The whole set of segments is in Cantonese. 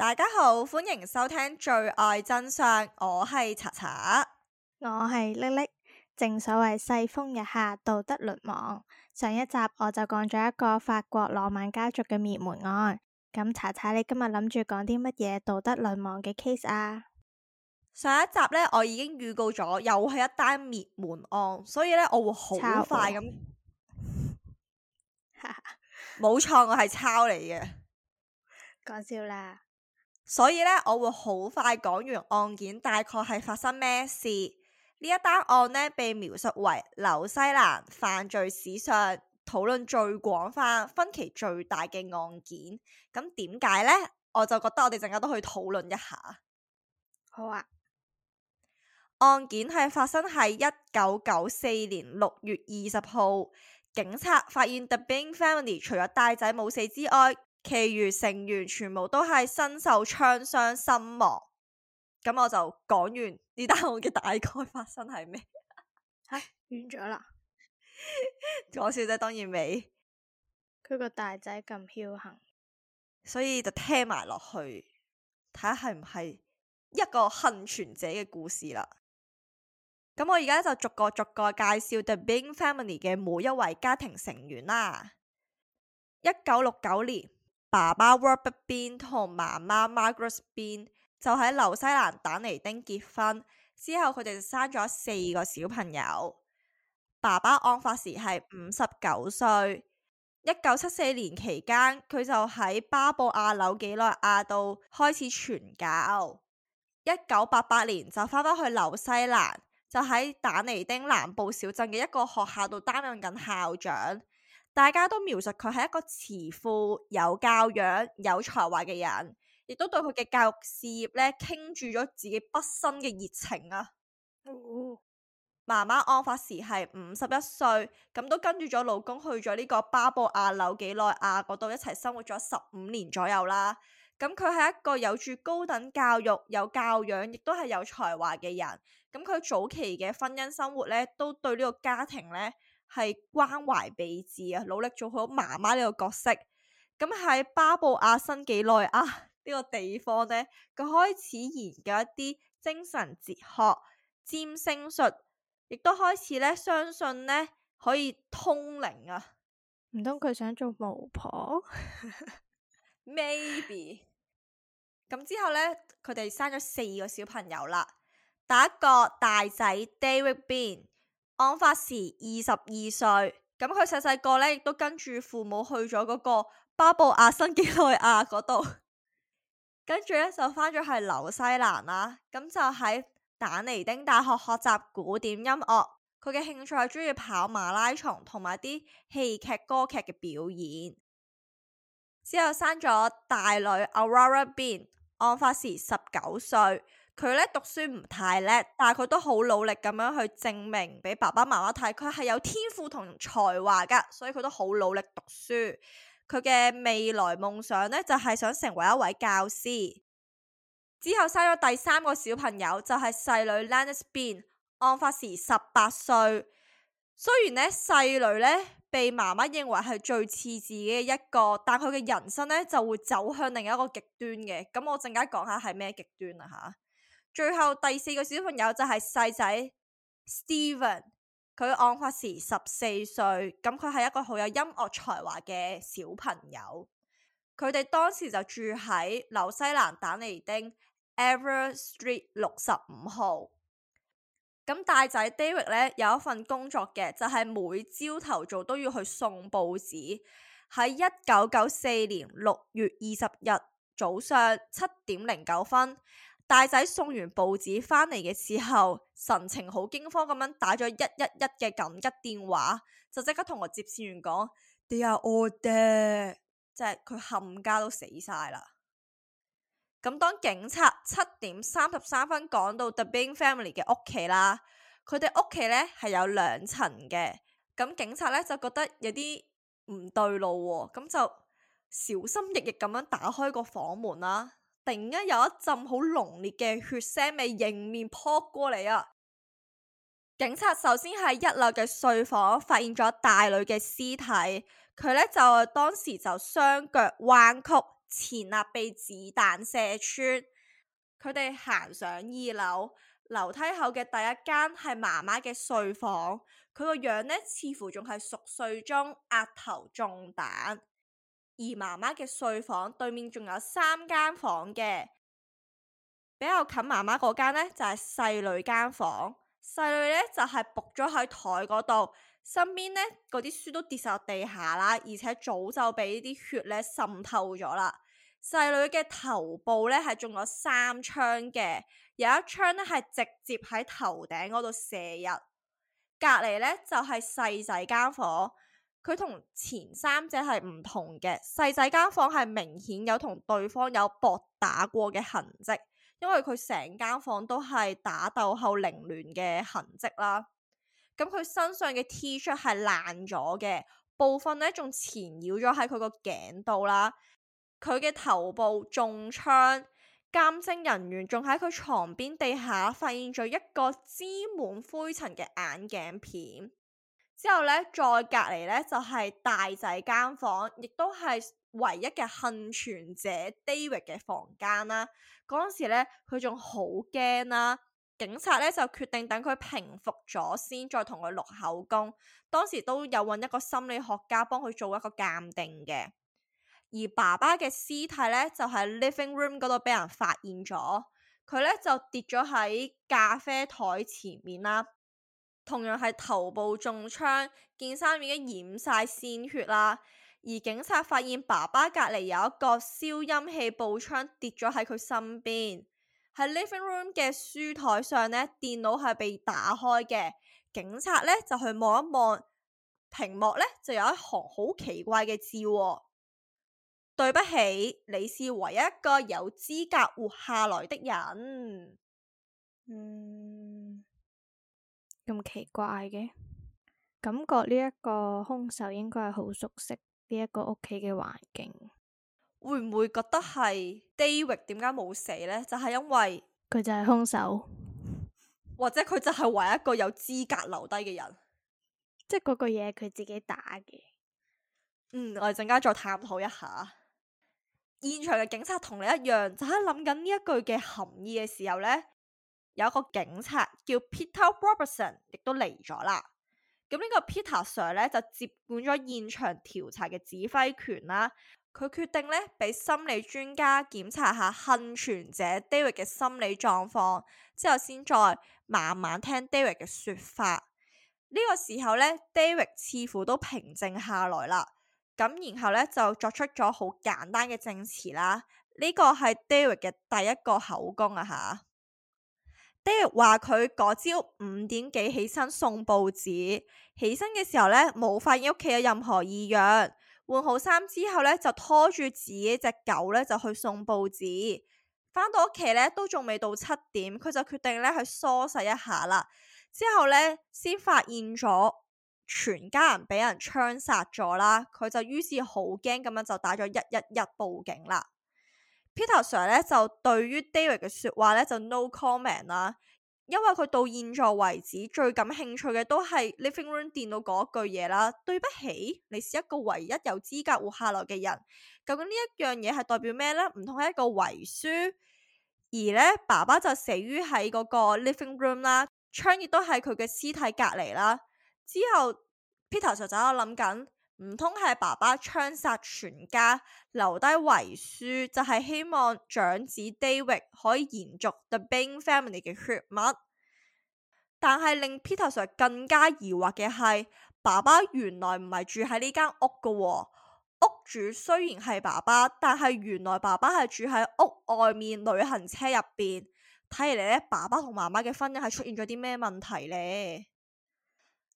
大家好，歡迎收聽《罪愛真相》，我係查查，我係叻叻。正所謂世風日下，道德淪亡。上一集我就講咗一個法國羅曼家族嘅滅門案。咁、嗯、查查，你今日諗住講啲乜嘢道德淪亡嘅 case 啊？上一集呢，我已經預告咗，又係一單滅門案，所以呢，我會好快咁。冇錯，我係抄嚟嘅。講笑啦。所以咧，我會好快講完案件，大概係發生咩事？呢一單案呢，被描述為紐西蘭犯罪史上討論最廣泛、分歧最大嘅案件。咁點解呢？我就覺得我哋陣間都可以討論一下。好啊！案件係發生喺一九九四年六月二十號，警察發現 The Bain Family 除咗大仔冇死之外。其餘成員全部都係身受槍傷身亡，咁我就講完呢單案嘅大概發生係咩，唉， 完咗啦。講笑啫，當然未。佢個大仔咁僥倖，所以就聽埋落去，睇下係唔係一個幸存者嘅故事啦。咁我而家就逐個逐個介紹 The Bain Family 嘅每一位家庭成員啦。一九六九年。爸爸 Robert Bain 同媽媽 Margaret Bain 就喺紐西蘭但尼丁結婚之後，佢哋生咗四個小朋友。爸爸案發時係五十九歲，一九七四年期間佢就喺巴布亞紐幾內亞度開始傳教，一九八八年就翻返去紐西蘭，就喺但尼丁南部小鎮嘅一個學校度擔任緊校長。大家都描述佢係一個慈父、有教養、有才華嘅人，亦都對佢嘅教育事業咧傾注咗自己畢生嘅熱情啊！哦、媽媽案發時係五十一歲，咁都跟住咗老公去咗呢個巴布亞紐幾內亞嗰度一齊生活咗十五年左右啦。咁佢係一個有住高等教育、有教養，亦都係有才華嘅人。咁佢早期嘅婚姻生活咧，都對呢個家庭咧，係關懷備至啊，努力做好媽媽呢個角色。咁喺巴布亞新幾內亞呢個地方呢，佢開始研究一啲精神哲學、占星術，亦都開始呢相信呢可以通靈啊。唔通佢想做巫婆 ？Maybe 咁 之後呢，佢哋生咗四個小朋友啦。第一個大仔 David Bain。案發時二十二歲，咁佢細細個呢亦都跟住父母去咗嗰個巴布亞新幾內亞嗰度， 跟住呢就翻咗去紐西蘭啦，咁就喺坦尼丁大學學習古典音樂。佢嘅興趣係中意跑馬拉松同埋啲戲劇歌劇嘅表演。之後生咗大女 Aurora Bain，案發時十九歲。佢咧讀書唔太叻，但係佢都好努力咁樣去證明俾爸爸媽媽睇，佢係有天賦同才華噶，所以佢都好努力讀書。佢嘅未來夢想咧就係、是、想成為一位教師。之後生咗第三個小朋友，就係、是、細女 Laniet Bain，案發時十八歲。雖然咧細女咧被媽媽認為係最似自己嘅一個，但佢嘅人生咧就會走向另一個極端嘅。咁我陣間講下係咩極端啦、啊、嚇。最後第四個小朋友就係細仔 Steven，佢案發時十四歲，咁佢係一個好有音樂才華嘅小朋友。佢哋當時就住喺紐西蘭丹尼丁 Ever Street 六十五號。咁大仔 David 咧有一份工作嘅，就係每朝頭早都要去送報紙。喺一九九四年六月二十日早上七點零九分。大仔送完報紙翻嚟嘅時候，神情好驚慌咁樣打咗一一一嘅緊急電話，就刻 are 即刻同個接線員講 Dear all dead 即係佢冚家都死晒啦。咁當警察七點三十三分趕到 The Bain Family 嘅屋企啦，佢哋屋企咧係有兩層嘅，咁警察咧就覺得有啲唔對路喎，咁就小心翼翼咁樣打開個房門啦。突然間有一陣好濃烈嘅血腥味迎面撲過嚟啊！警察首先喺一樓嘅睡房，發現咗大女嘅屍體，佢呢就當時就雙腳彎曲，前肋被子彈射穿。佢哋行上二樓，樓梯口嘅第一間係媽媽嘅睡房，佢個樣呢，似乎仲係熟睡中，額頭中彈。而媽媽嘅睡房對面仲有三間房嘅，比較近媽媽嗰間呢，就係細女間房，細女呢，就係伏咗喺台嗰度，身邊呢，嗰啲書都跌晒落地下啦，而且早就俾啲血呢滲透咗啦。細女嘅頭部呢，係中咗三槍嘅，有一槍呢，係直接喺頭頂嗰度射入，隔離呢，就係細仔間房。佢同前三者係唔同嘅，細仔間房係明顯有同對方有搏打過嘅痕跡，因為佢成間房都係打鬥後凌亂嘅痕跡啦。咁佢身上嘅 T 恤係爛咗嘅，部分呢仲纏繞咗喺佢個頸度啦。佢嘅頭部中槍，鑑證人員仲喺佢床邊地下發現咗一個沾滿灰塵嘅眼鏡片。之後咧，再隔籬咧就係大仔間房，亦都係唯一嘅幸存者 David 嘅房間啦。嗰時咧，佢仲好驚啦。警察咧就決定等佢平復咗先，再同佢錄口供。當時都有揾一個心理學家幫佢做一個鑒定嘅。而爸爸嘅屍體咧就喺 living room 嗰度俾人發現咗，佢咧就跌咗喺咖啡台前面啦。同樣係頭部中槍，件衫已經染晒鮮血啦。而警察發現爸爸隔離有一個消音器步槍跌咗喺佢身邊，喺 living room 嘅書枱上呢，電腦係被打開嘅。警察呢就去望一望屏幕呢，就有一行好奇怪嘅字：「對不起，你是唯一一個有資格活下來的人。嗯咁奇怪嘅感覺，呢一個兇手應該係好熟悉呢一個屋企嘅環境。會唔會覺得係 David 點解冇死呢？就係因為佢就係兇手，或者佢就係唯一一個有資格留低嘅人。即係嗰個嘢，佢自己打嘅。嗯，我哋陣間再探討一下。現場嘅警察同你一樣，就喺諗緊呢一句嘅含義嘅時候呢。有一個警察叫 Peter Robertson，亦都嚟咗啦。咁呢個 Peter Sir 咧，就接管咗現場調查嘅指揮權啦。佢決定咧，俾心理專家檢查下幸存者 David 嘅心理狀況，之後先再慢慢聽 David 嘅說法。呢個時候咧，David 似乎都平靜下來啦。咁然後咧就作出咗好簡單嘅證詞啦。呢個係 David 嘅第一個口供啊吓。爹話佢嗰朝五點幾起身送報紙，起身嘅時候咧冇發現屋企有任何異樣，換好衫之後咧就拖住自己隻狗咧就去送報紙，翻到屋企咧都仲未到七點，佢就決定咧去梳洗一下啦，之後咧先發現咗全家人俾人槍殺咗啦，佢就於是好驚咁樣就打咗一一一報警啦。Peter Sir 咧，就對於 David 嘅說話咧就 no comment 啦，因為佢到現在為止最感興趣嘅都係 living room 電腦嗰句嘢啦。對不起，你是一個唯一有資格活下來嘅人。究竟呢一樣嘢係代表咩咧？唔通係一個遺書，而咧爸爸就死於喺嗰個 living room 啦，槍亦都喺佢嘅屍體隔籬啦。之後 Peter Sir 就喺度諗緊。唔通係爸爸槍殺全家，留低遺書，就係希望長子 David 可以延續 The Bain Family 嘅血脈。但係令 Peter Sir 更加疑惑嘅係，爸爸原來唔係住喺呢間屋噶。屋主雖然係爸爸，但係原來爸爸係住喺屋外面旅行車入邊。睇嚟呢，爸爸同媽媽嘅婚姻係出現咗啲咩問題呢？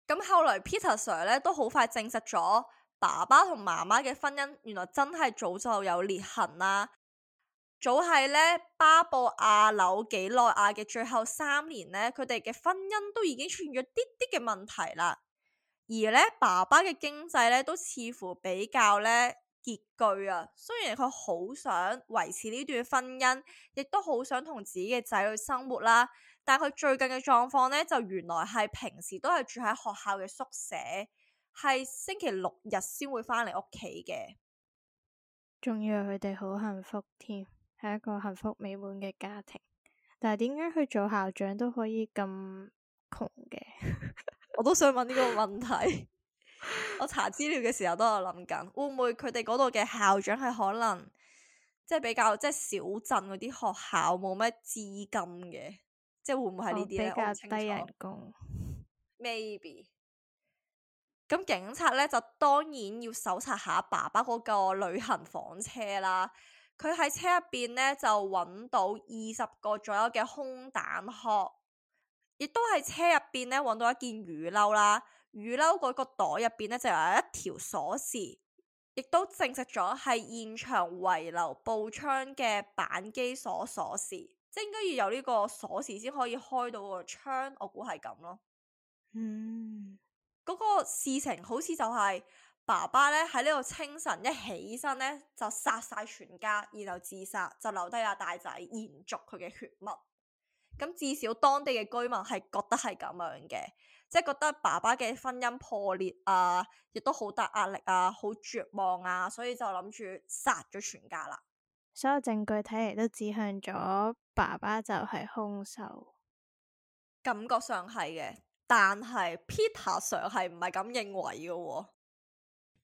咁後來 Peter Sir 咧都好快證實咗，爸爸同媽媽嘅婚姻原來真係早就有裂痕啦。早係咧巴布亞紐幾內亞嘅最後三年咧，佢哋嘅婚姻都已經出現咗啲啲嘅問題啦。而咧爸爸嘅經濟咧都似乎比較咧。拮據啊！雖然佢好想維持呢段婚姻，亦都好想同自己嘅仔女生活啦、啊，但係佢最近嘅狀況呢，就原來係平時都係住喺學校嘅宿舍，係星期六日先會翻嚟屋企嘅。仲以為係佢哋好幸福添，係一個幸福美滿嘅家庭。但係點解佢做校長都可以咁窮嘅？ 我都想問呢個問題。 我查資料嘅時候都有諗緊，會唔會佢哋嗰度嘅校長係可能即係、就是、比較即係、就是、小鎮嗰啲學校冇咩資金嘅，即係會唔會係呢啲咧、哦？比較低人工。Maybe。咁警察咧就當然要搜查下爸爸嗰個旅行房車啦。佢喺車入邊咧就揾到二十個左右嘅空彈殼，亦都喺車入邊咧揾到一件雨褸啦。雨褸嗰個袋入邊咧就有一條鎖匙，亦都證實咗係現場遺留步槍嘅板機鎖鎖匙，即係應該要有呢個鎖匙先可以開到個槍，我估係咁咯。嗯，嗰個事情好似就係、是、爸爸咧喺呢度清晨一起身咧就殺晒全家，然後自殺，就留低阿大仔延續佢嘅血脈。咁至少當地嘅居民係覺得係咁樣嘅，即係覺得爸爸嘅婚姻破裂啊，亦都好大壓力啊，好絕望啊，所以就諗住殺咗全家啦。所有證據睇嚟，都指向咗爸爸就係兇手，感覺上係嘅，但係 Peter 上係唔係咁認為嘅喎，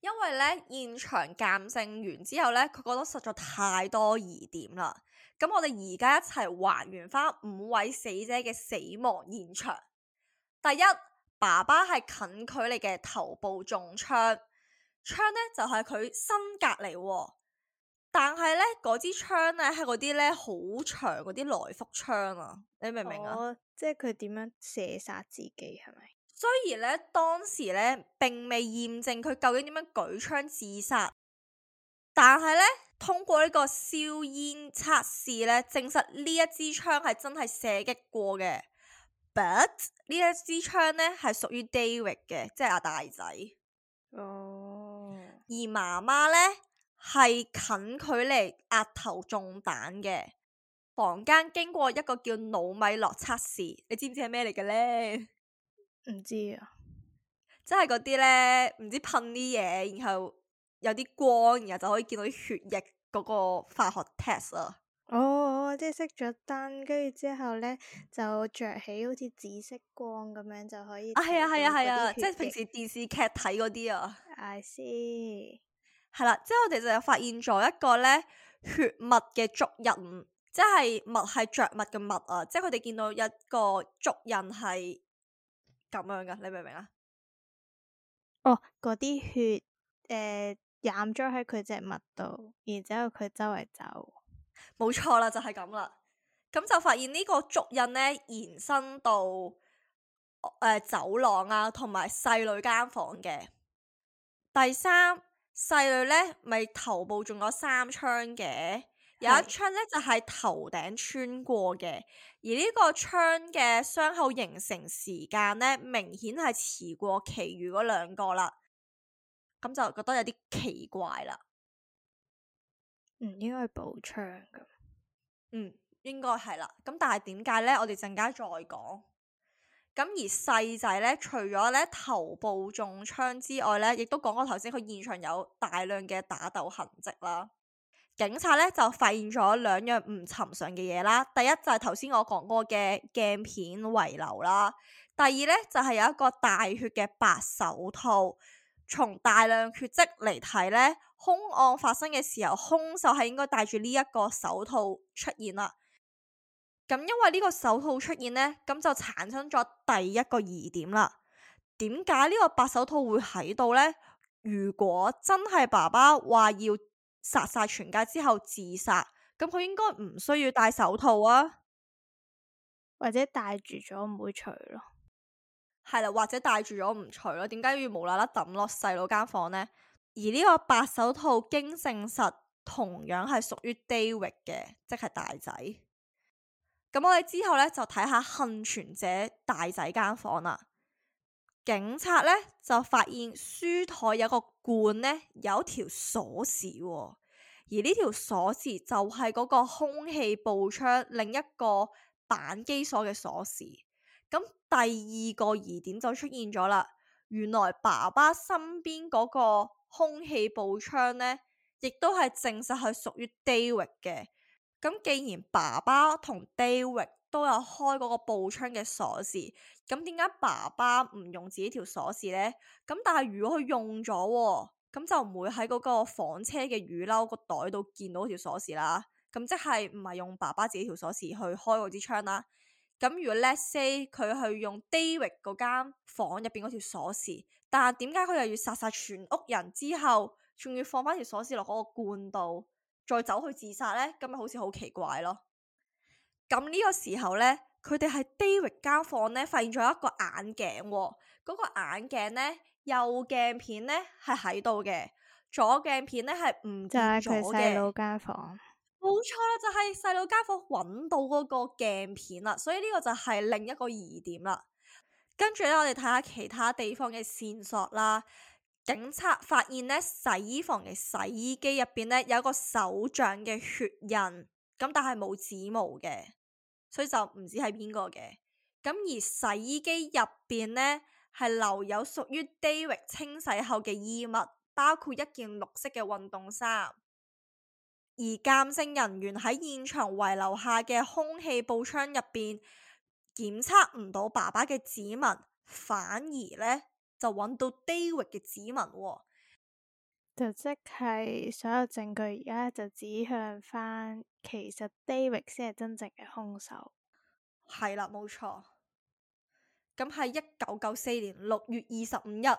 因為咧現場鑑證完之後咧，佢覺得實在太多疑點啦。咁我哋而家一齊還原翻五位死者嘅死亡現場。第一，爸爸係近距離嘅頭部中槍，槍呢就係、是、佢身隔籬，但係呢，嗰支槍呢係嗰啲呢好長嗰啲來福槍啊！你明唔明啊？即係佢點樣射殺自己係咪？是是雖然呢，當時呢並未驗證佢究竟點樣舉槍自殺，但係呢。通過個硝煙測試，呢個硝煙測試呢證實呢一支槍係真係射擊過嘅。But 一槍，呢一支槍呢係屬於 David 嘅，即係阿大仔。Oh. 而媽媽呢係近距離額頭中彈嘅。房間，經過一個叫魯米諾測試，你知唔知係咩嚟嘅呢？唔知啊，即係嗰啲呢，唔知噴啲嘢，然後。有啲光，然後就可以見到啲血液嗰個化學 test 啊。哦，oh, 即係熄咗燈，跟住之後咧就着起好似紫色光咁樣就可以。啊、哎，係、哎、啊，係啊，係啊，即係平時電視劇睇嗰啲啊。I see、嗯。係、嗯、啦，即係我哋就發現咗一個咧，血襪嘅足印，即係襪係着襪嘅襪啊，即係佢哋見到一個足印係咁樣噶，你明唔明啊？哦，嗰啲血，誒、呃。染咗喺佢隻襪度，然之後佢周圍走，冇錯啦，就係咁啦。咁就發現個呢個足印咧，延伸到誒、呃、走廊啊，同埋細女間房嘅。第三細女呢，咪頭部中咗三槍嘅，是有一槍呢，就喺、是、頭頂穿過嘅，而呢個槍嘅傷口形成時間呢，明顯係遲過其餘嗰兩個啦。咁就覺得有啲奇怪啦。應該槍嗯，應該係補槍噶。嗯，應該係啦。咁但係點解咧？我哋陣間再講。咁而細仔咧，除咗咧頭部中槍之外咧，亦都講過頭先，佢現場有大量嘅打鬥痕迹啦。警察咧就發現咗兩樣唔尋常嘅嘢啦。第一就係頭先我講過嘅鏡片遺留啦。第二咧就係、是、有一個帶血嘅白手套。從大量血跡嚟睇呢，凶案發生嘅時候，凶手係應該戴住呢一個手套出現啦。咁因為呢個手套出現呢，咁就產生咗第一個疑點啦。點解呢個白手套會喺度呢？如果真係爸爸話要殺晒全家之後自殺，咁佢應該唔需要戴手套啊，或者戴住咗唔會除咯。係啦，或者戴住咗唔除咯。點解要無啦啦抌落細佬間房呢？而呢個白手套經證實同樣係屬於 David 嘅，即係大仔。咁我哋之後咧，就睇下倖存者大仔間房啦。警察咧就發現書台有個罐咧，有一條鎖匙，哦，而呢條鎖匙就係嗰個空氣步槍另一個板機鎖嘅鎖匙。咁第二個疑點就出現咗啦，原來爸爸身邊嗰個空氣步槍呢，亦都係證實係屬於 David 嘅。咁既然爸爸同 David 都有開嗰個步槍嘅鎖匙，咁點解爸爸唔用自己條鎖匙呢？咁但係如果佢用咗，咁就唔會喺嗰個房車嘅雨褸個袋度見到條鎖匙啦。咁即係唔係用爸爸自己條鎖匙去開嗰支槍啦。咁如果 let's say 佢去用 David 嗰間房入邊嗰條鎖匙，但係點解佢又要殺殺全屋人之後，仲要放翻條鎖匙落嗰個罐度，再走去自殺呢？咁咪好似好奇怪咯。咁呢個時候呢，佢哋喺 David 間房呢，發現咗一個眼鏡，嗰、嗰個眼鏡呢，右鏡片呢係喺度嘅，左鏡片呢係唔見咗嘅。冇錯啦，就係細路家伙揾到嗰個鏡片啦，所以呢個就係另一個疑點啦。跟住呢，我哋睇下其他地方嘅線索啦。警察發現呢，洗衣房嘅洗衣機入邊呢，有一個手掌嘅血印，咁但係冇指模嘅，所以就唔知係邊個嘅。咁而洗衣機入邊呢，係留有屬於 David 清洗後嘅衣物，包括一件綠色嘅運動衫。而鑑證人員喺現場遺留下嘅空氣步槍入邊，檢測唔到爸爸嘅指紋，反而呢就揾到 David 嘅指紋喎，就即係所有證據而家就指向返，其實 David 先係真正嘅兇手。係啦，冇錯。咁喺一九九四年六月二十五日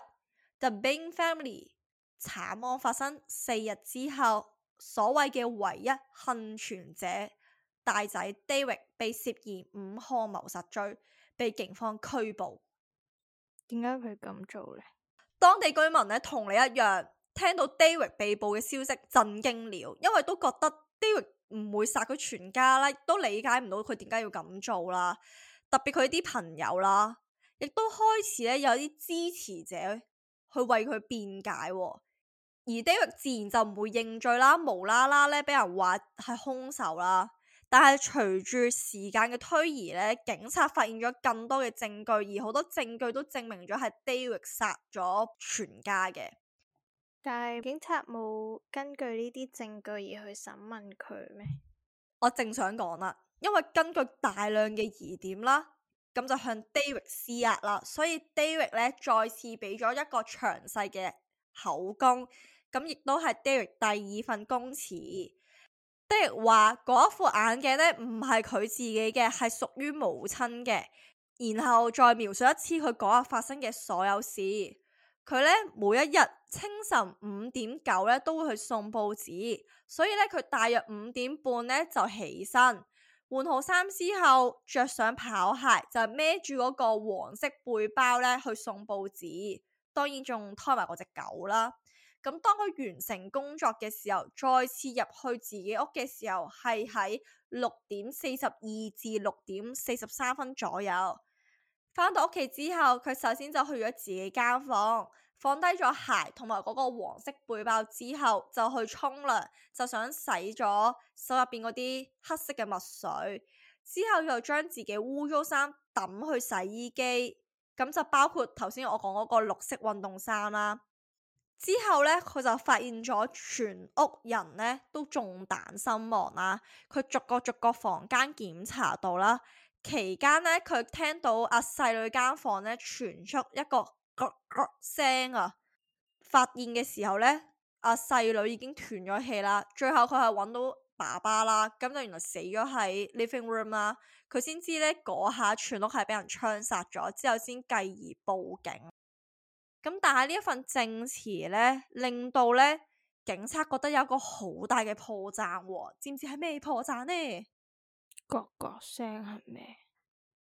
The Bain Family 慘案發生四日之後，所謂嘅唯一倖存者大仔 David 被涉嫌五項謀殺罪，被警方拘捕。點解佢咁做呢？當地居民咧，同你一樣，聽到 David 被捕嘅消息，震驚了，因為都覺得 David 唔會殺佢全家啦，都理解唔到佢點解要咁做啦。特別佢啲朋友啦，亦都開始咧，有啲支持者去為佢辯解。而 David 自然就唔會認罪啦，無啦啦咧俾人話係兇手啦。但係隨住時間嘅推移咧，警察發現咗更多嘅證據，而好多證據都證明咗係 David 殺咗全家嘅。但係警察冇根據呢啲證據而去審問佢咩？我正想講啦，因為根據大量嘅疑點啦，咁就向 David 施壓啦，所以 David 咧再次俾咗一個詳細嘅口供。咁亦都係 Derek 第二份供詞，Derek 話嗰一副眼鏡咧唔係佢自己嘅，係屬於母親嘅。然後再描述一次佢嗰日發生嘅所有事。佢咧每一日清晨五點九咧都會去送報紙，所以咧佢大約五點半咧就起身換好衫之後，着上跑鞋就孭住嗰個黃色背包咧去送報紙，當然仲拖埋嗰隻狗啦。咁當佢完成工作嘅時候，再次入去自己屋嘅時候，係喺六點四十二至六點四十三分左右。翻到屋企之後，佢首先就去咗自己間房，放低咗鞋同埋嗰個黃色背包之後，就去沖涼，就想洗咗手入邊嗰啲黑色嘅墨水。之後又將自己污糟衫抌去洗衣機，咁就包括頭先我講嗰個綠色運動衫啦、啊。之後咧，佢就發現咗全屋人咧都中彈身亡啦。佢逐個逐個房間檢查到啦，期間咧佢聽到阿細女間房咧傳出一個「咯咯」聲啊。發現嘅時候咧，阿細女已經斷咗氣啦。最後佢係揾到爸爸啦，咁就原來死咗喺 living room 啦。佢先知咧嗰下全屋係俾人槍殺咗，之後先繼而報警。咁但係呢一份證詞呢，令到呢警察覺得有一個好大嘅破綻，知唔知係咩破綻呢？咯咯聲係咩？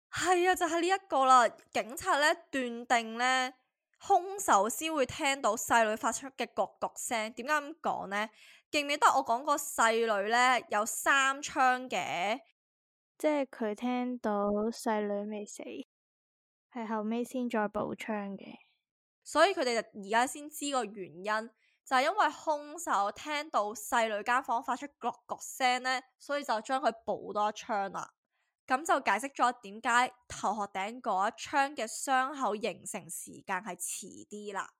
係啊，就係呢一個啦。警察呢斷定呢，兇手先會聽到細女發出嘅咯咯聲。點解咁講呢？記唔記得我講過細女呢？有三槍嘅？即係佢聽到細女未死，係後尾先再補槍嘅。所以佢哋而家先知個原因，就係、是、因為兇手聽到細女間房間發出咯咯聲呢，所以就將佢補多一槍啦。咁就解釋咗點解頭殼頂嗰一槍嘅傷口形成時間係遲啲啦。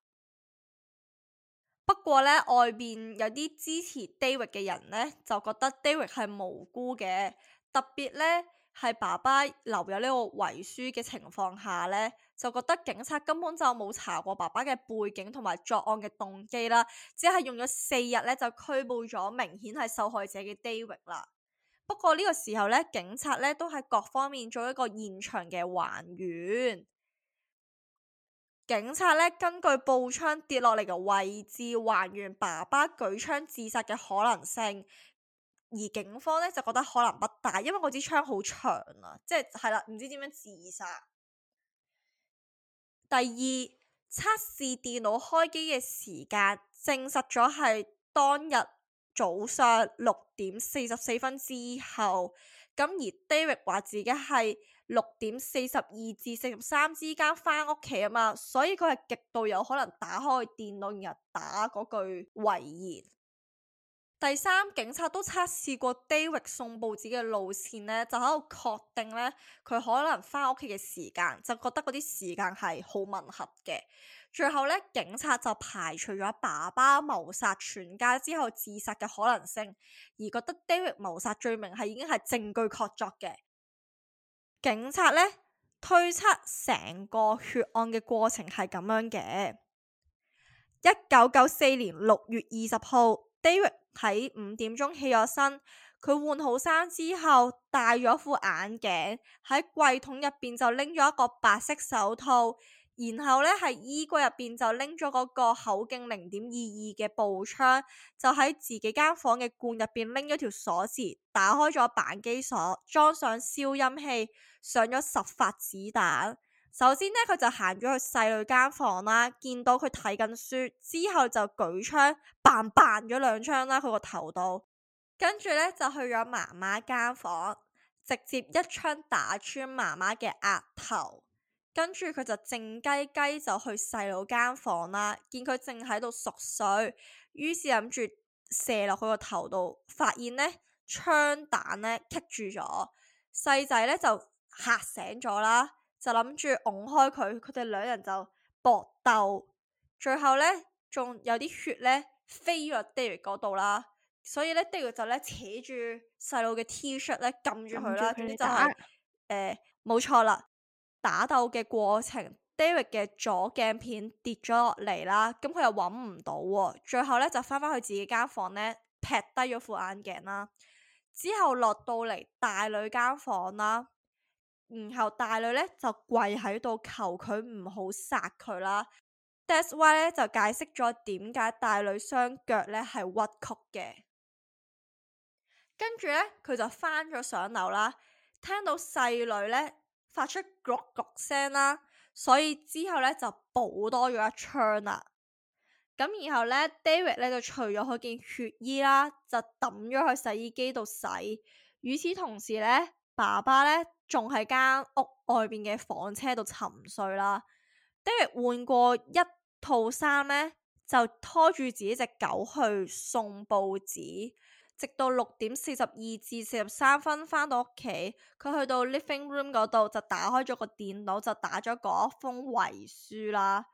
不過呢，外邊有啲支持 David 嘅人呢，就覺得 David 係無辜嘅，特別呢，係爸爸留有呢個遺書嘅情況下呢。就覺得警察根本就冇查過爸爸嘅背景同埋作案嘅動機啦，只係用咗四日咧就拘捕咗明顯係受害者嘅 David 啦。不過呢個時候咧，警察咧都喺各方面做一個現場嘅還原。警察咧根據步槍跌落嚟嘅位置，還原爸爸舉槍自殺嘅可能性。而警方咧就覺得可能不大，因為嗰支槍好長啊，即係係啦，唔知點樣自殺。第二，測試電腦開機嘅時間，證實咗係當日早上六點四十四分之後。咁而 David 話自己係六點四十二至四十三之間返屋企啊嘛，所以佢係極度有可能打開電腦然後打嗰句遺言。第三，警察都測試過 David 送報紙嘅路線呢，就喺度確定呢，佢可能翻屋企嘅時間，就覺得嗰啲時間係好吻合嘅。最後呢，警察就排除咗爸爸謀殺全家之後自殺嘅可能性，而覺得 David 謀殺罪名係已經係證據確鑿嘅。警察呢，推測成個血案嘅過程係咁樣嘅：一九九四年六月二十號。David 喺五點鐘起咗身，佢換好衫之後戴咗副眼鏡，喺櫃桶入邊就拎咗一個白色手套，然後呢喺衣櫃入邊就拎咗嗰個口徑零點二二嘅步槍，就喺自己間房嘅罐入邊拎咗條鎖匙，打開咗扳機鎖，裝上消音器，上咗十發子彈。首先呢，佢就行咗去細佬間房啦，見到佢睇緊書之後就舉槍砰砰咗兩槍啦，佢個頭度，跟住呢，就去咗媽媽間房，直接一槍打穿媽媽嘅額頭，跟住佢就靜雞雞就去細佬間房啦，見佢正喺度熟睡，於是諗住射落佢個頭度，發現呢槍彈呢棘住咗細仔呢就吓醒咗啦。就諗住拱開佢，佢哋兩人就搏鬥，最後咧仲有啲血咧飛落 David 嗰度啦，所以咧 David 就咧扯住細路嘅 T 恤咧撳住佢啦，咁就係誒冇錯啦，打鬥嘅過程 ，David 嘅左鏡片跌咗落嚟啦，咁、嗯、佢又搵唔到喎、啊，最後咧就翻翻去自己間房咧，劈低咗副眼鏡啦，之後落到嚟大女間房啦。然後大女咧就跪喺度求佢唔好殺佢啦。That's why 咧就解釋咗點解大女雙腳咧係屈曲嘅。跟住咧佢就返咗上樓啦，聽到細女咧發出咯咯聲啦，所以之後咧就補多咗一槍啦。咁然後咧，David 咧就除咗佢件血衣啦，就抌咗去洗衣機度洗。與此同時咧。爸爸咧仲喺間屋外邊嘅房車度沉睡啦，跟住換過一套衫咧，就拖住自己隻狗去送報紙，直到六點四十二至四十三分翻到屋企，佢去到 living room 嗰度就打開咗個電腦就打咗嗰封遺書啦。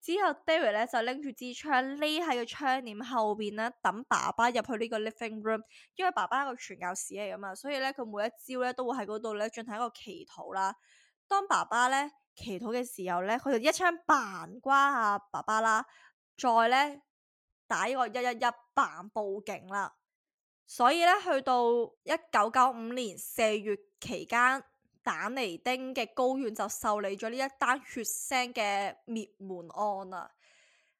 之後，David 咧就拎住支槍匿喺個窗簾後邊啦，等爸爸入去呢個 living room，因為爸爸係個傳教士嚟噶嘛，所以咧佢每一朝咧都會喺嗰度咧進行一個祈禱啦。當爸爸咧祈禱嘅時候咧，佢就一槍扮瓜下、啊、爸爸啦，再咧打呢個一一一扮報警啦，所以咧去到一九九五年四月期間。丹尼丁嘅高院就受理咗呢一單血腥嘅滅門案啦。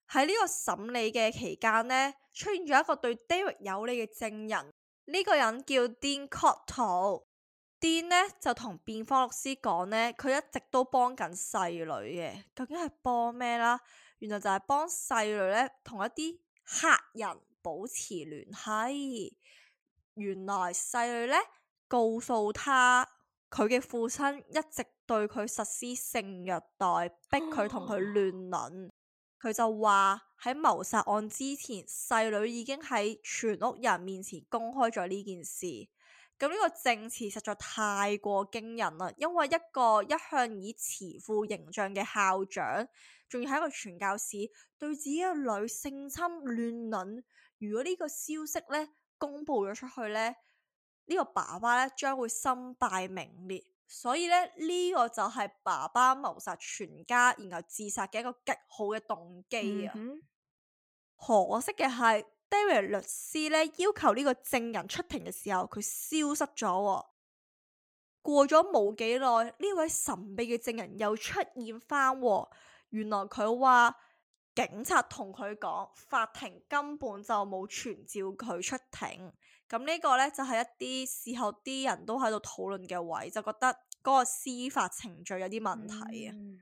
喺呢個審理嘅期間呢，出現咗一個對 David 有利嘅證人，呢、這個人叫 De Dean Cottle。Dean 咧就同辯方律師講呢，佢一直都幫緊細女嘅，究竟係幫咩啦？原來就係幫細女呢同一啲客人保持聯繫。原來細女呢告訴他。佢嘅父親一直對佢實施性虐待，逼佢同佢亂倫。佢就話喺謀殺案之前，細女已經喺全屋人面前公開咗呢件事。咁呢個證詞實在太過驚人啦，因為一個一向以慈父形象嘅校長，仲要係一個傳教士，對自己嘅女性侵亂倫。如果呢個消息呢公布咗出去呢。呢個爸爸咧將會身敗名裂，所以咧呢個就係爸爸謀殺全家然後自殺嘅一個極好嘅動機啊！可惜嘅係，David 律師咧要求呢個證人出庭嘅時候，佢消失咗喎。過咗冇幾耐，呢位神秘嘅證人又出現翻喎。原來佢話警察同佢講，法庭根本就冇傳召佢出庭。咁呢個呢，就係一啲事後啲人都喺度討論嘅位，就覺得嗰個司法程序有啲問題啊。嗯嗯。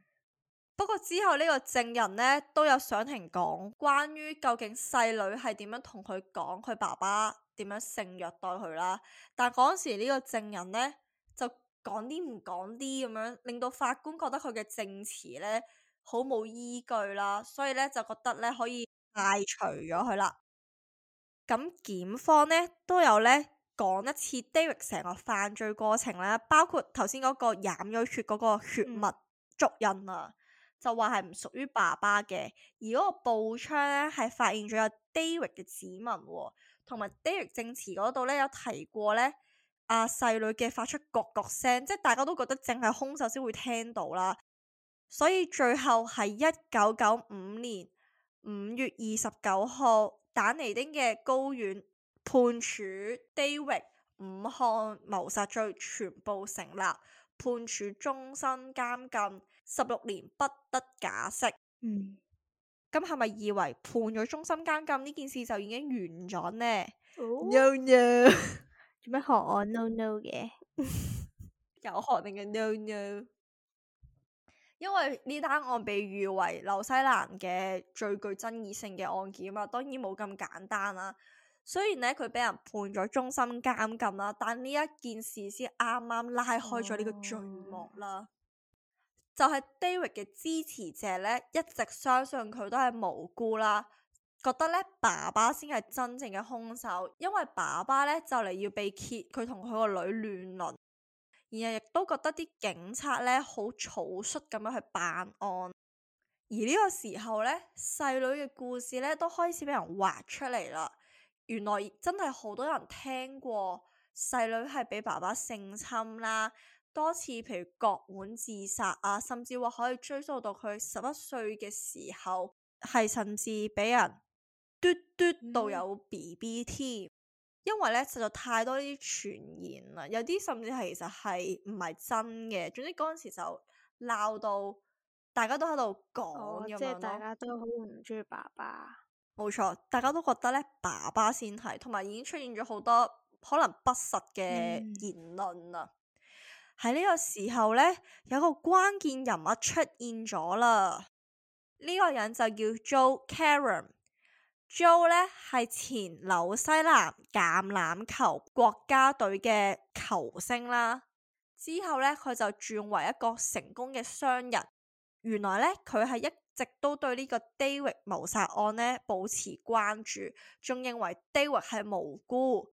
不過之後呢個證人呢，都有上庭講關於究竟細女係點樣同佢講佢爸爸點樣性虐待佢啦。但係嗰時呢個證人呢，就講啲唔講啲咁樣，令到法官覺得佢嘅證詞呢好冇依據啦，所以呢，就覺得呢可以排除咗佢啦。咁檢方咧都有咧講一次 David 成個犯罪過程咧，包括頭先嗰個染咗血嗰個血物足印啦，就話係唔屬於爸爸嘅，而嗰個步槍咧係發現咗有 David 嘅指紋、哦，同埋 David 證詞嗰度咧有提過呢阿細、啊、女嘅發出咯咯聲，即係大家都覺得淨係兇手先會聽到啦，所以最後係一九九五年五月二十九號，打尼丁嘅高院判處 David 五項謀殺罪全部成立，判處終身監禁十六年，不得假釋。嗯，咁係咪以為判咗終身監禁呢件事就已經完咗呢、哦、？No 做 no .咩學我 no no 嘅？ 有我學你嘅 no no。No. 因為呢單案被譽為紐西蘭嘅最具爭議性嘅案件啊嘛，當然冇咁簡單啦。雖然咧佢俾人判咗終身監禁啦，但呢一件事先啱啱拉開咗呢個序幕啦。哦、就係 David 嘅支持者咧，一直相信佢都係無辜啦，覺得咧爸爸先係真正嘅兇手，因為爸爸咧就嚟，要被揭佢同佢個女亂倫。然後亦都覺得啲警察咧好草率咁樣去辦案，而呢個時候咧細女嘅故事咧都開始俾人挖出嚟啦。原來真係好多人聽過細女係俾爸爸性侵啦，多次譬如割腕自殺啊，甚至話可以追溯到佢十一歲嘅時候，係甚至俾人嘟嘟到有 BB 添。嗯因為咧，實在有太多呢啲傳言啦，有啲甚至係其實係唔係真嘅。總之嗰陣時就鬧到大家都喺度講咁樣咯，即係大家都好唔中意爸爸。冇錯，大家都覺得咧爸爸先係，同埋已經出現咗好多可能不實嘅言論啦。喺呢、mm. 個時候咧，有個關鍵人物出現咗啦。呢、呢個人就叫 Joe Karam。Joe 呢係前紐西蘭橄欖球國家隊嘅球星啦，之後呢，佢就轉為一個成功嘅商人。原來呢，佢係一直都對呢個 David 謀殺案呢保持關注，仲認為 David 係無辜。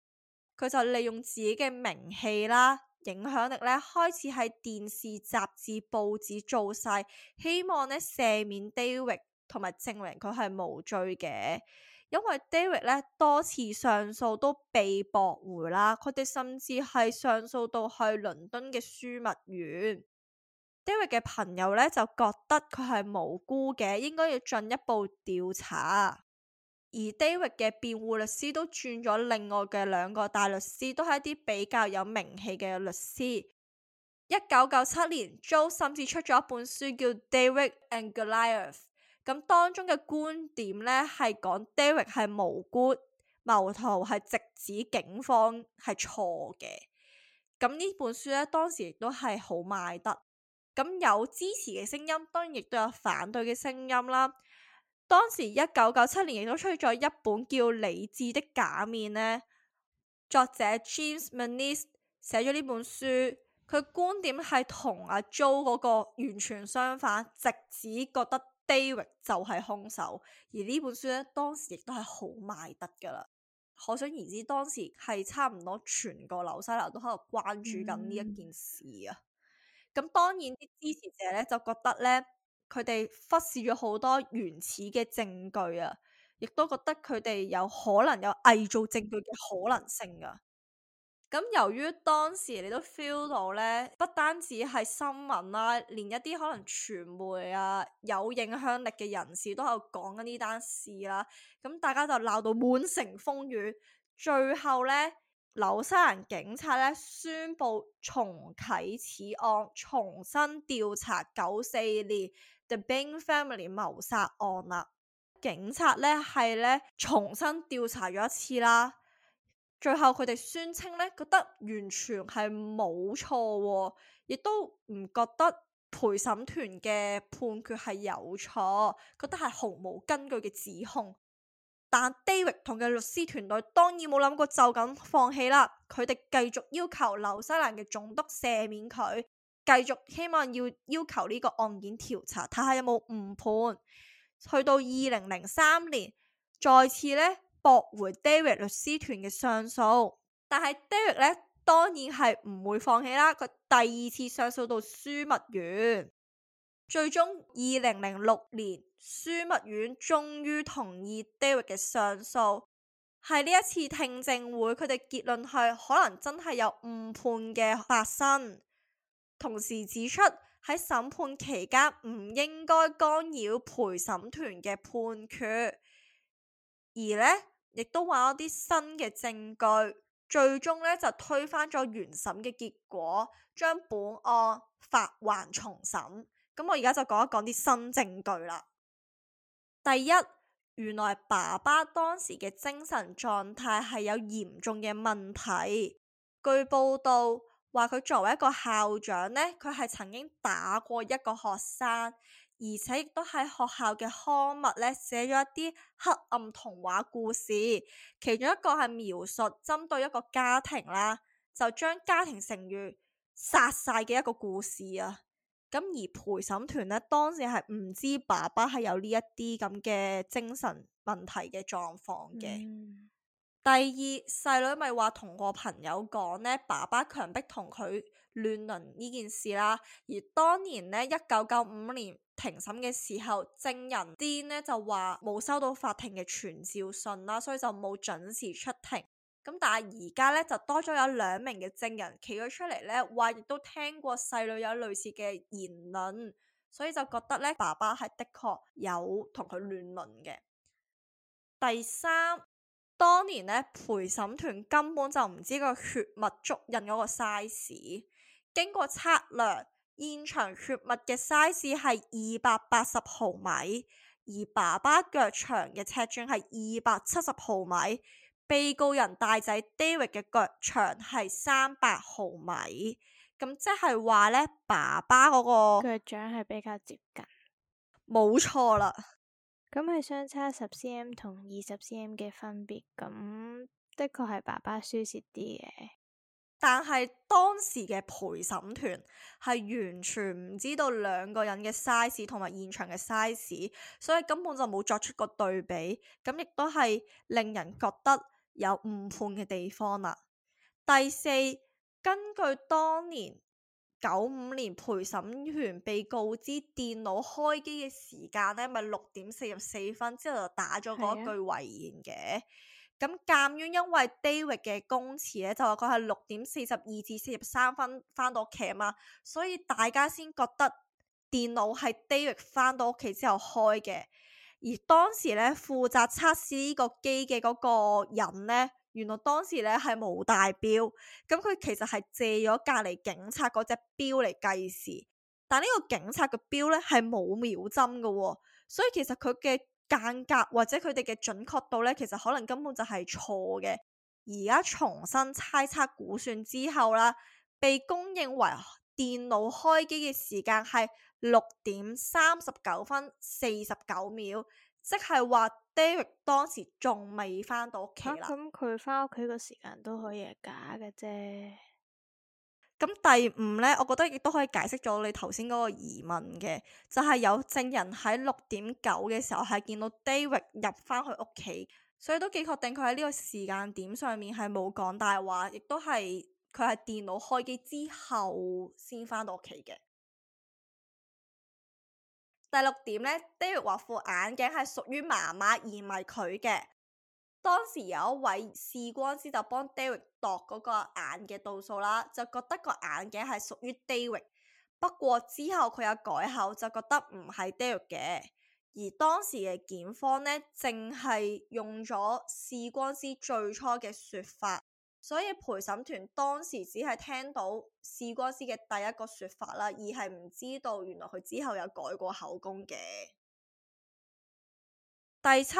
佢就利用自己嘅名氣啦、影響力呢，開始喺電視、雜誌、報紙做晒，希望呢赦免 David。同埋證明佢係無罪嘅，因為 David 呢多次上訴都被駁回啦。佢哋甚至係上訴到去倫敦嘅樞密院。David 嘅朋友呢，就覺得佢係無辜嘅，應該要進一步調查。而 David 嘅辯護律師都轉咗另外嘅兩個大律師，都係一啲比較有名氣嘅律師。一九九七年，Joe 甚至出咗一本書叫《David and Goliath》。咁當中嘅觀點呢，係講 Derek 係無辜，矛頭係直指警方係錯嘅。咁呢本書呢，當時亦都係好賣得。咁有支持嘅聲音，當然亦都有反對嘅聲音啦。當時一九九七年亦都出咗一本叫《理智的假面》呢，作者 James Menis 寫咗呢本書，佢觀點係同阿 Joe 嗰個完全相反，直指覺得。David 就係凶手，而呢本書咧，當時亦都係好賣得噶啦。可想而知，當時係差唔多全個紐西蘭都喺度關注緊呢一件事啊。咁、嗯、當然啲支持者咧就覺得咧，佢哋忽視咗好多原始嘅證據啊，亦都覺得佢哋有可能有偽造證據嘅可能性啊。咁由於當時你都 feel 到咧，不單止係新聞啦，啊，連一啲可能傳媒啊有影響力嘅人士都喺度講緊呢單事啦，啊。咁大家就鬧到滿城風雨，最後咧紐西蘭警察咧宣布重啟此案，重新調查九四年 The Bain Family 謀殺案啦。警察咧係咧重新調查咗一次啦。最後佢哋宣稱呢，覺得完全係冇錯，亦都唔覺得陪審團嘅判決係有錯，覺得係毫無根據嘅指控。但 David 同嘅律師團隊當然冇諗過就咁放棄啦，佢哋繼續要求紐西蘭嘅總督赦免佢，繼續希望要要求呢個案件調查，睇下有冇誤判。去到二零零三年，再次呢。駁回 David 律師團嘅上訴，但係 David 呢當然係唔會放棄啦。佢第二次上訴到樞密院，最終二零零六年樞密院終於同意 David 嘅上訴。喺呢一次聽證會，佢哋結論係可能真係有誤判嘅發生，同時指出喺審判期間唔應該干擾陪審團嘅判決，而呢。亦都揾咗啲新嘅證據，最終咧就推翻咗原審嘅結果，將本案發還重審。咁我而家就講一講啲新證據啦。第一，原來爸爸當時嘅精神狀態係有嚴重嘅問題。據報道話佢作為一個校長呢，佢係曾經打過一個學生。而且亦都喺學校嘅刊物咧寫咗一啲黑暗童話故事，其中一個係描述針對一個家庭啦，就將家庭成員殺晒嘅一個故事啊。咁而陪審團呢，當時係唔知爸爸係有呢一啲咁嘅精神問題嘅狀況嘅。嗯、第二，細女咪話同個朋友講呢，爸爸強迫同佢，亂倫呢件事啦，而當年呢，一九九五年庭審嘅時候，證人 D 呢就話冇收到法庭嘅傳召信啦，所以就冇準時出庭。咁但係而家呢，就多咗有兩名嘅證人企咗出嚟呢，話亦都聽過細女有類似嘅言論，所以就覺得呢爸爸係的確有同佢亂倫嘅。第三，當年呢，陪審團根本就唔知個血脈足印嗰個 size。經過測量，現場血物嘅 size 係二百八十毫米，而爸爸腳長嘅尺寸係二百七十毫米。被告人大仔 David 嘅腳長係三百毫米，咁即係話呢，爸爸嗰、嗰個腳掌係比較接近，冇錯啦。咁係相差十 cm 同二十 cm 嘅分別，咁的確係爸爸舒適啲嘅。但係當時嘅陪審團係完全唔知道兩個人嘅 size 同埋現場嘅 size，所以根本就冇作出個對比，咁亦都係令人覺得有誤判嘅地方啦。第四，根據當年九五年陪審員被告知電腦開機嘅時間呢，咪六點四十四分之後就打咗嗰句遺言嘅。咁鑑於因為 David 嘅供詞咧，就話佢係六點四十二至四十三分翻到屋企啊嘛，所以大家先覺得電腦係 David 翻到屋企之後開嘅。而當時咧負責測試呢個機嘅嗰個人咧，原來當時咧係冇帶表，咁佢其實係借咗隔離警察嗰隻表嚟計時，但呢個警察嘅表咧係冇秒針嘅喎、哦，所以其實佢嘅間隔或者佢哋嘅準確度呢，其實可能根本就係錯嘅。而家重新猜測估算之後啦，被公認為電腦開機嘅時間係六點三十九分四十九秒，即係話 David 當時仲未翻到屋企啦。咁佢翻屋企個時間都可以係假嘅啫。咁第五呢，我覺得亦都可以解釋咗你頭先嗰個疑問嘅，就係有證人喺六點九嘅時候係見到 David 入翻佢屋企，所以都幾確定佢喺呢個時間點上面係冇講大話，亦都係佢係電腦開機之後先翻到屋企嘅。第六點呢，David 話副眼鏡係屬於媽媽而唔係佢嘅。當時有一位視光師就幫 David 度嗰個眼嘅度數啦，就覺得個眼鏡係屬於 David。不過之後佢有改口，就覺得唔係 David 嘅。而當時嘅檢方呢，淨係用咗視光師最初嘅說法，所以陪審團當時只係聽到視光師嘅第一個說法啦，而係唔知道原來佢之後有改過口供嘅。第七。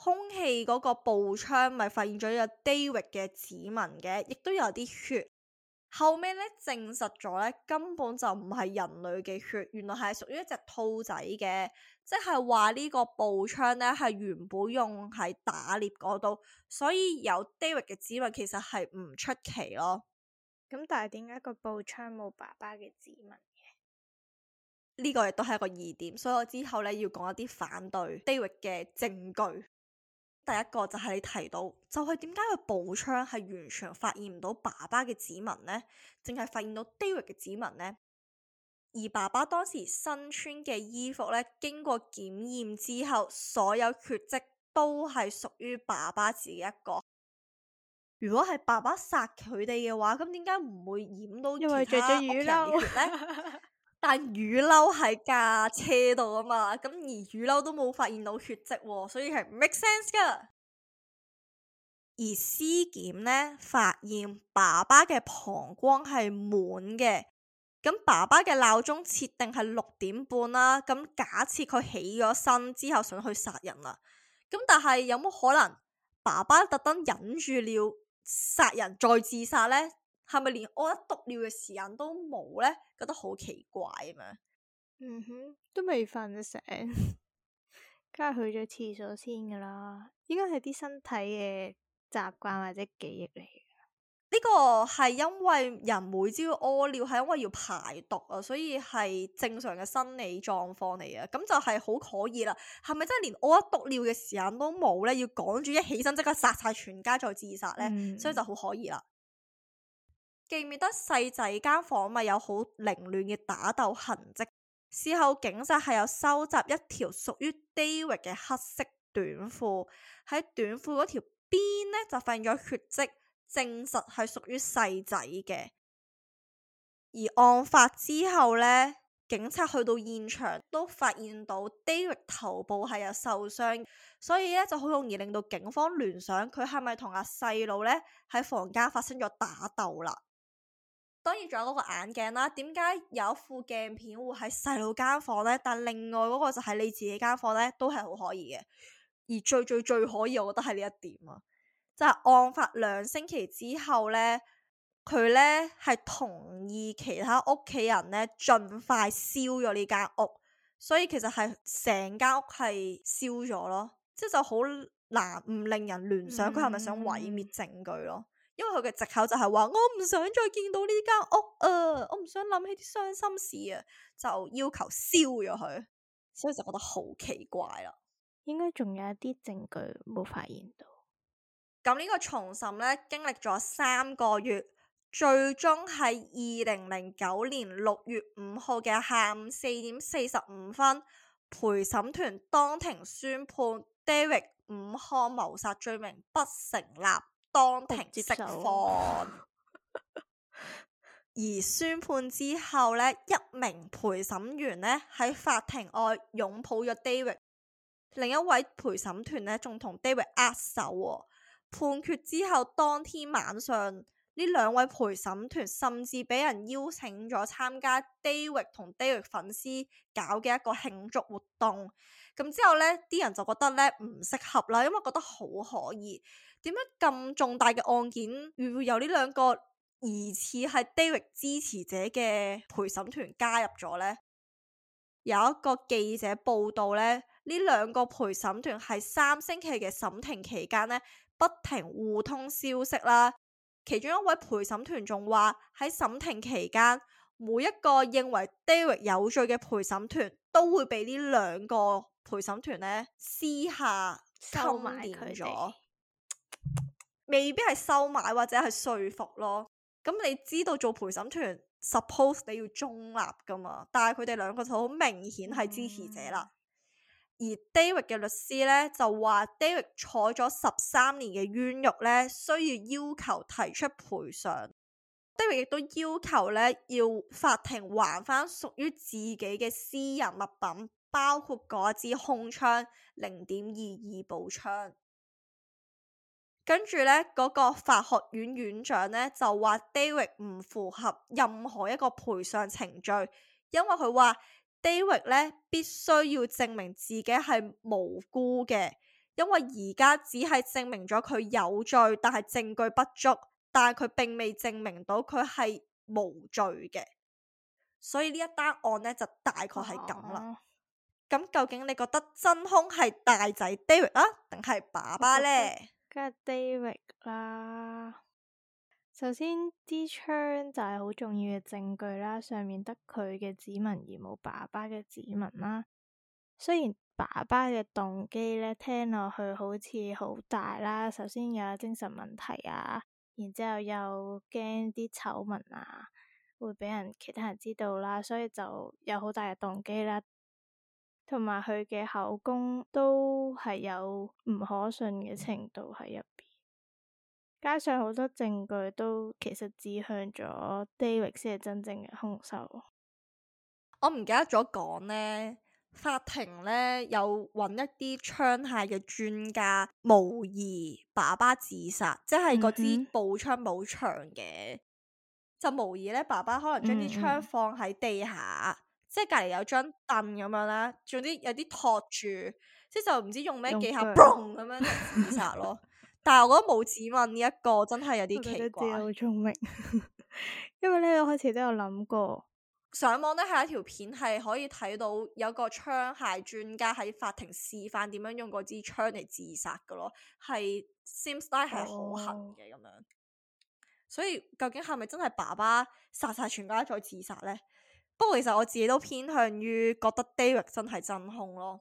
空氣嗰個步槍咪發現咗有 David 嘅指紋嘅，亦都有啲血。後尾咧證實咗咧，根本就唔係人類嘅血，原來係屬於一隻兔仔嘅，即係話呢個步槍咧係原本用喺打獵嗰度，所以有 David 嘅指紋其實係唔出奇咯。咁但係點解個步槍冇爸爸嘅指紋嘅？呢個亦都係一個疑點，所以我之後咧要講一啲反對 David 嘅證據。第一個就係你提到，就係點解佢步槍係完全發現唔到爸爸嘅指紋呢？淨係發現到 David 嘅指紋呢？而爸爸當時身穿嘅衣服咧，經過檢驗之後，所有血跡都係屬於爸爸自己一個。如果係爸爸殺佢哋嘅話，咁點解唔會染到其他屋企人咧？但雨褸喺架車度啊嘛，咁而雨褸都冇發現到血跡喎，所以係唔 make sense 噶。而屍檢呢，發現爸爸嘅膀胱係滿嘅，咁爸爸嘅鬧鐘設定係六點半啦。咁假設佢起咗身之後想去殺人啦，咁但係有冇可能爸爸特登忍住了殺人再自殺呢？係咪連屙一督尿嘅時間都冇咧？覺得好奇怪啊嘛。嗯哼，都未瞓醒，梗係去咗廁所先噶啦。應該係啲身體嘅習慣或者記憶嚟。呢個係因為人每朝屙尿係因為要排毒啊，所以係正常嘅生理狀況嚟啊。咁就係好可疑啦。係咪真係連屙一督尿嘅時間都冇咧？要趕住一起身即刻殺晒全家再自殺咧？嗯、所以就好可疑啦。記唔記得細仔間房咪有好凌亂嘅打鬥痕跡？事後警察係有收集一條屬於 David 嘅黑色短褲，喺短褲嗰條邊呢就發現咗血跡，證實係屬於細仔嘅。而案發之後呢，警察去到現場都發現到 David 頭部係有受傷，所以呢就好容易令到警方聯想佢係咪同阿細佬呢喺房間發生咗打鬥啦。當然仲有嗰個眼鏡啦，點解有一副鏡片會喺細佬間房咧？但另外嗰個就係你自己間房咧，都係好可疑嘅。而最最最可疑，我覺得係呢一點啊，就係、是、案發兩星期之後咧，佢咧係同意其他屋企人咧盡快燒咗呢間屋，所以其實係成間屋係燒咗咯，即係就好難唔令人聯想佢係咪想毀滅證據咯。因為佢嘅借口就係話我唔想再見到呢間屋啊，呃，我唔想諗起啲傷心事啊，就要求燒咗佢。所以就覺得好奇怪啦，應該仲有一啲證據冇發現到。咁呢個重審呢，經歷咗三個月，最終喺二零零九年六月五號嘅下午四點四十五分，陪審團當庭宣判 David 五項謀殺罪名不成立。當庭釋放， 而，宣判之後咧，一名陪審員咧喺法庭外擁抱咗 David，另一位陪審團咧仲同 David 握手。判決之後，當天晚上，呢兩位陪審團甚至俾人邀請咗參加 David 同 David 粉絲搞嘅一個慶祝活動。咁之後，呢啲人就覺得呢唔適合啦，因為覺得好可疑。點解咁重大嘅案件會會有呢兩個疑似係 David 支持者嘅陪審團加入咗呢？有一個記者報道呢，呢兩個陪審團喺三星期嘅審庭期間呢，不停互通消息啦。其中一位陪審團仲話喺審庭期間，每一個認為 David 有罪嘅陪審團都會俾呢兩個陪審團呢私下收買佢哋。未必係收買或者係說服咯，咁你知道做陪審團 ，suppose 你要中立噶嘛？但係佢哋兩個就好明顯係支持者啦。嗯、而 David 嘅律師呢，就話，David 坐咗十三年嘅冤獄呢，需要要求提出賠償。 David 亦都要求呢，要法庭還翻屬於自己嘅私人物品，包括嗰支空槍零點二二步槍。跟住呢嗰、那個法學院院長呢，就話：David 唔符合任何一個賠償程序，因為佢話 David 呢必須要證明自己係無辜嘅，因為而家只係證明咗佢有罪，但係證據不足，但係佢並未證明到佢係無罪嘅。所以呢一單案呢，就大概係咁啦。咁、啊、究竟你覺得真兇係大仔 David 啊，定係爸爸呢？啊。梗係 David 啦，首先啲槍就係好重要嘅證據啦，上面得佢嘅指紋而冇爸爸嘅指紋啦。雖然爸爸嘅動機咧聽落去好似好大啦，首先有精神問題啊，然之後又驚啲醜聞啊會畀人其他人知道啦，所以就有好大嘅動機啦。同埋佢嘅口供都係有唔可信嘅程度喺入邊，加上好多證據都其實指向咗 David 先係真正嘅兇手。我唔記得咗講呢，法庭呢有揾，一啲槍械嘅專家模擬爸爸自殺，即係嗰支步槍冇長嘅，嗯、哼就模擬呢，爸爸可能將啲槍放喺地下。嗯即係隔籬有張凳咁樣啦，仲有有啲托住，即就唔知用咩技巧，嘣咁具樣自殺咯。 但係我覺得冇指紋呢一個真係有啲奇怪。好聰明，因為咧我開始都有諗過，上網咧係一條片，係可以睇到有個槍械專家喺法庭示範點樣用嗰支槍嚟自殺噶咯，係 seems 咧係可行嘅咁樣。所以究竟係咪真係爸爸殺晒全家再自殺咧？不過其實我自己都偏向於覺得 David 真係真兇咯，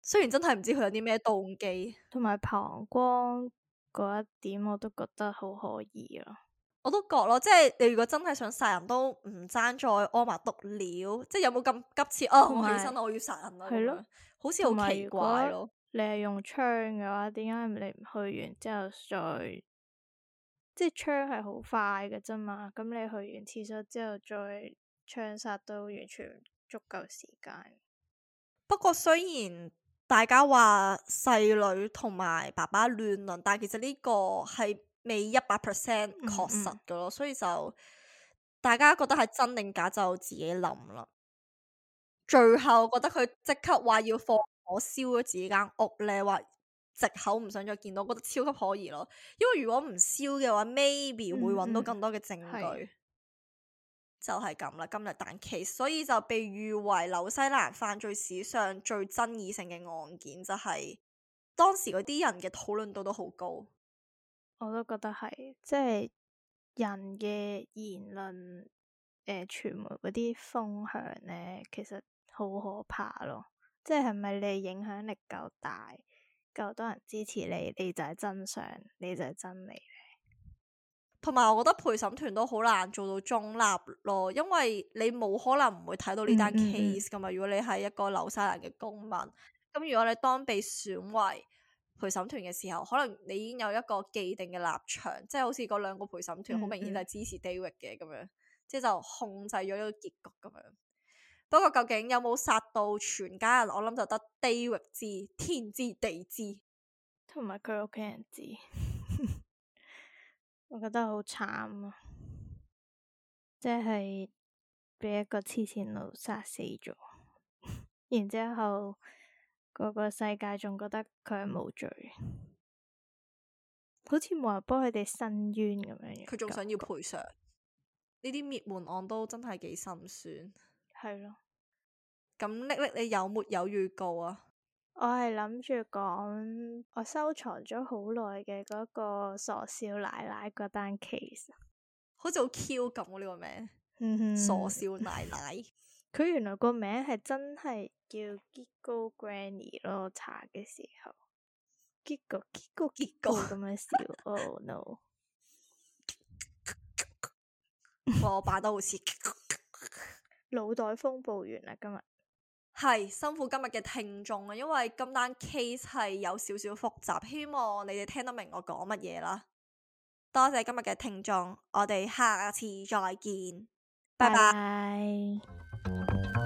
雖然真係唔知佢有啲咩動機，同埋膀胱嗰一點我都覺得好可疑啊。我都覺咯，即係你如果真係想殺人，都唔爭再屙埋篤尿，即係有冇咁急切哦？我是起身我要殺人係咯，好似好奇怪咯。你係用槍嘅話，點解你唔去完之後再即係槍係好快嘅啫嘛？咁你去完廁所之後再。槍殺都完全足夠時間。不過雖然大家話細女同埋爸爸亂倫，但係其實呢個係未一百 percent 確實噶咯，嗯嗯，所以就大家覺得係真定假就自己諗啦。最後覺得佢即刻話要放火燒咗自己間屋咧，話藉口唔想再見到，覺得超級可疑咯。因為如果唔燒嘅話，maybe 會揾到更多嘅證據。嗯嗯就係咁啦，今日，但其實所以就被譽為紐西蘭犯罪史上最爭議性嘅案件，就係當時嗰啲人嘅討論度都好高。我都覺得係，即係人嘅言論誒，傳媒嗰啲風向咧，其實好可怕咯。即係咪你影響力夠大，夠多人支持你，你就係真相，你就係真理。同埋，我覺得陪審團都好難做到中立咯，因為你冇可能唔會睇到呢單 case 㗎嘛。嗯嗯嗯，如果你係一個紐西蘭人嘅公民，咁如果你當被選為陪審團嘅時候，可能你已經有一個既定嘅立場，即係好似嗰兩個陪審團好明顯就支持 David 嘅咁、嗯嗯、樣，即係就控制咗呢個結局咁樣。不過究竟有冇殺到全家人，我諗就得 David 知，天知地知，同埋佢屋企人知。我覺得好慘啊，即係畀一個黐綫佬殺死咗， 然之後個個世界仲覺得佢係無罪，好似冇人幫佢哋申冤咁樣樣。佢仲想要賠償，呢啲滅門案都真係幾心酸。係咯，咁叻叻你有冇有預告啊？我係諗住講我收藏咗好耐嘅嗰個傻笑奶奶嗰單 case，好似好 Q 咁喎呢個名，傻笑奶奶。佢原來個名係真係叫 Giggle Granny 咯，查嘅時候。Giggle Giggle Giggle 咁樣笑，Oh no！我扮都好似。腦袋風暴完啦今日。係辛苦今日嘅聽眾啊，因為今單 case 係有少少複雜，希望你哋聽得明我講乜嘢啦。多謝今日嘅聽眾，我哋下次再見，拜拜 Bye。